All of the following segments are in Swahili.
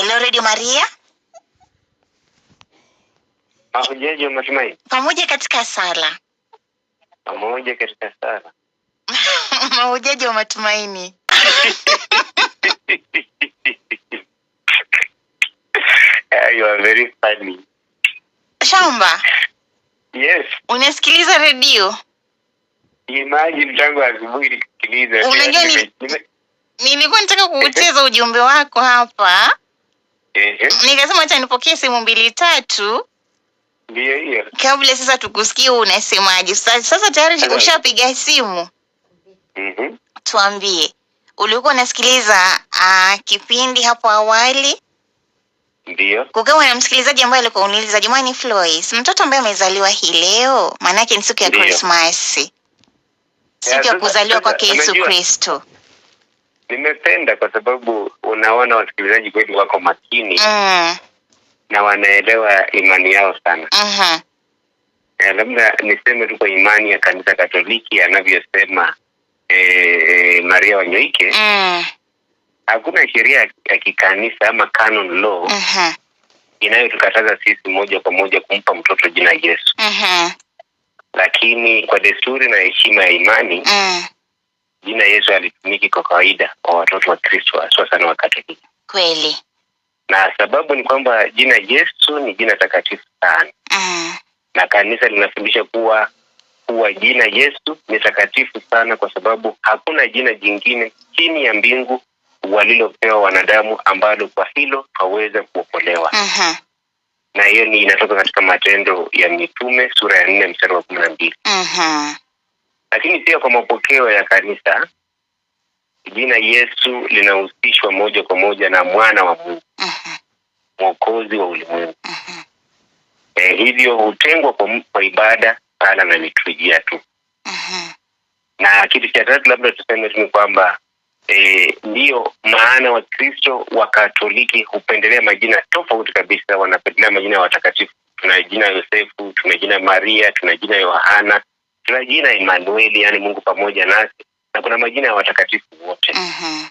Hello Radio Maria. Hujaje Matumaini? Pamoja katika sala. Pamoja katika sala. Mahujaji wa Matumaini. you are very funny. Shamba. Yes. Unasikiliza redio? Imagine tangu asubuhi nikisikiliza. Unajua nilikuwa nataka kuucheza ujumbe wako hapa Ehe. Nikasema acha nipokee simu mbili tatu hiyo. Kabla sasa tukusikie unasemaje. Sasa tayari ushapiga simu. Mhm. Tuambie, ulikuwa unasikiliza uh, kipindi hapo awali? Ndio. Kukawa na msikilizaji ambaye alikuwa uniuliza, jamani Flois, mtoto ambaye amezaliwa hii leo, maanake ni siku ya Krismasi, siku ya kuzaliwa kwake Yesu Kristo. Nimependa kwa sababu unaona wasikilizaji kweli wako makini mm. na wanaelewa imani yao sana mm-hmm. labda niseme tu kwa imani ya kanisa Katoliki anavyosema e, Maria Wanyoike mm. hakuna sheria ya kikanisa ama canon law mm-hmm. inayotukataza sisi moja kwa moja kumpa mtoto jina Yesu mm-hmm. lakini kwa desturi na heshima ya imani mm jina Yesu halitumiki kwa kawaida kwa watoto wa Kristo hasa na Wakatoliki. Kweli. Na sababu ni kwamba jina Yesu ni jina takatifu sana. Mm. Na kanisa linafundisha kuwa kuwa jina Yesu ni takatifu sana kwa sababu hakuna jina jingine chini ya mbingu walilopewa wanadamu ambalo kwa hilo waweza kuokolewa. Mm -hmm. Na hiyo ni inatoka katika Matendo ya Mitume sura ya nne mstari wa kumi na mbili. Mm -hmm. Lakini pia kwa mapokeo ya kanisa, jina Yesu linahusishwa moja kwa moja na mwana wa Mungu, mhm. mwokozi wa ulimwengu. Mhm. e, hivyo hutengwa kwa ibada, sala na liturujia tu. Mhm. Na kitu cha tatu labda tuseme tu ni kwamba E, maana Wakristo wa Katoliki hupendelea majina tofauti kabisa. Wanapendelea majina ya watakatifu. Tuna jina Yosefu, tuna jina Maria, tuna jina Yohana, kuna jina Emmanuel, yani Mungu pamoja nasi, na kuna majina ya watakatifu wote. Mhm.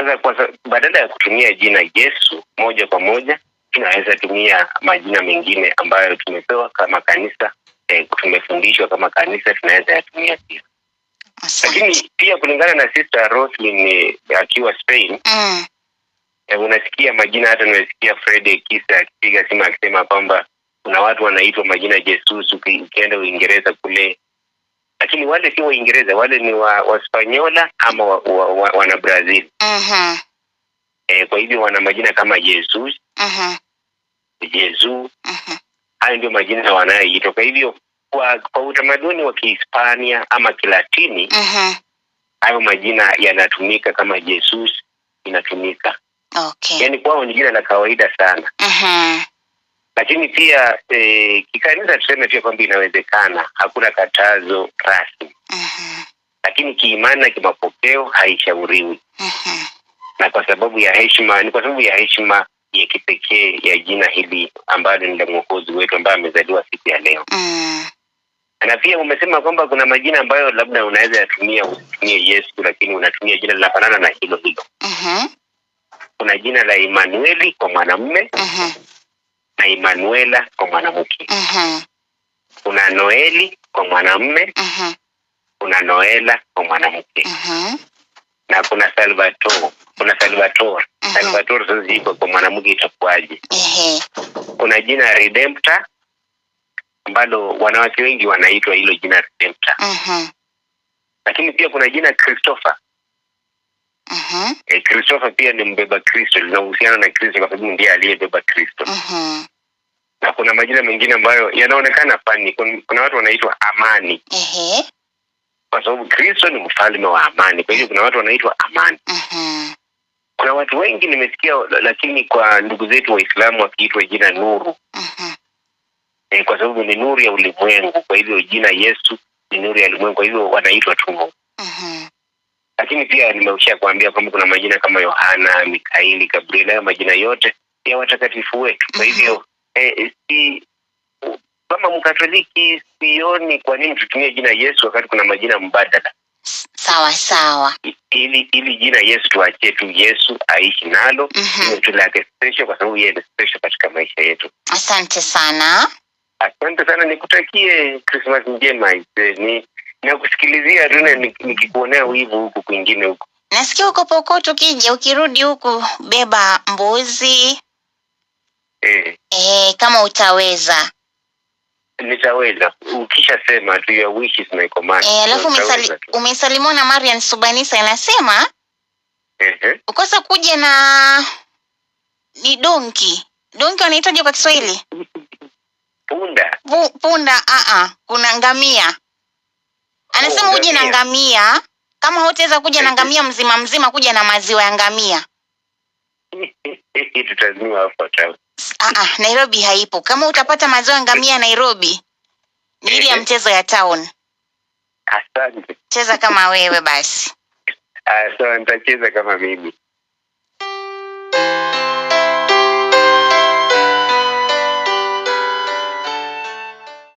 Sasa kwa badala ya kutumia jina Yesu moja kwa moja, tunaweza tumia majina mengine ambayo tumepewa kama kanisa eh, tumefundishwa kama kanisa, tunaweza yatumia pia. Lakini pia kulingana na Sister Roslyn eh, akiwa Spain mm. Eh, unasikia majina hata nimesikia Fred Kisa akipiga simu akisema kwamba kuna watu wanaitwa majina Jesus. Ukienda Uingereza kule lakini wale sio Waingereza, wale ni Waspanyola ama wa, wa, wa, wana Brazil. uh-huh. E, kwa hivyo wana majina kama Jesus. uh-huh. Jesu. uh-huh. Hayo ndio majina wanayoitwa. Kwa hivyo kwa, kwa utamaduni wa Kihispania ama Kilatini uh-huh. hayo majina yanatumika kama Jesus inatumika okay. Yaani kwao ni jina la kawaida sana. uh-huh lakini pia e, kikanisa tuseme pia kwamba inawezekana, hakuna katazo rasmi uh -huh. Lakini kiimani na kimapokeo haishauriwi uh -huh. Na kwa sababu ya heshima, ni kwa sababu ya heshima ya kipekee ya jina hili ambalo ni la mwokozi wetu ambaye amezaliwa siku ya leo uh mm. -huh. Na pia umesema kwamba kuna majina ambayo labda unaweza yatumia usitumie Yesu, lakini unatumia jina linafanana na hilo hilo uh -huh. Kuna jina la Emanueli kwa mwanamme uh -huh na Emanuela kwa mwanamke. Uh-huh. Kuna Noeli kwa mwanamume. Uh-huh. Kuna Noela kwa mwanamke. Uh-huh. na kuna Salvatore, kuna Salvatore. Uh-huh. Salvatore sasa iko kwa mwanamke itakuwaje? Uh-huh. Kuna jina Redempta ambalo wanawake wengi wanaitwa hilo jina Redempta. Uh-huh. Lakini pia kuna jina Christopher. Uh-huh. E, Christopher pia ni mbeba Kristo, linahusiana na Kristo kwa sababu ndiye aliyebeba Kristo. uh -hmm na kuna majina mengine ambayo yanaonekana pani Kuna watu wanaitwa amani kwa sababu Kristo ni mfalme wa amani, kwa hiyo kuna watu wanaitwa amani Ehe. kuna watu wengi nimesikia, lakini kwa ndugu zetu Waislamu wakiitwa jina nuru E, kwa sababu ni nuru ya ulimwengu, kwa hivyo jina Yesu ni nuru ya ulimwengu, kwa hivyo wanaitwa tu lakini pia nimeusha kuambia kwamba kuna majina kama Yohana, mikaili Gabrieli, hayo majina yote ya watakatifu wetu. Kwa hivyo eh, si kama Mkatoliki sioni kwa nini tutumie jina Yesu wakati kuna majina mbadala. Sawa sawa, ili ili jina Yesu tuachie tu Yesu aishi nalo mm -hmm. special kwa sababu yeye ni special katika maisha yetu. Asante sana, asante sana, nikutakie Christmas njema. Ni nakusikilizia Runa, nikikuonea wivu huku kwingine huku, nasikia uko Pokoto, ukija ukirudi huku beba mbuzi eh. Eh, kama utaweza nitaweza sema tu your wish is my command. Eh, alafu umesali, umesalimu na Marian Subanisa anasema eh, ukosa kuja na ni donki donki wanaitaje kwa Kiswahili? punda Pu, punda a a kuna ngamia anasema oh, uje na ngamia kama hutaweza kuja na ngamia mzima mzima, kuja na maziwa ya ngamia. Aa, ah, ah, Nairobi haipo. Kama utapata maziwa ngamia Nairobi ni ile ya eh, eh. mchezo ya town. Asante. Cheza kama wewe basi. Asante, ah, nitacheza kama mimi.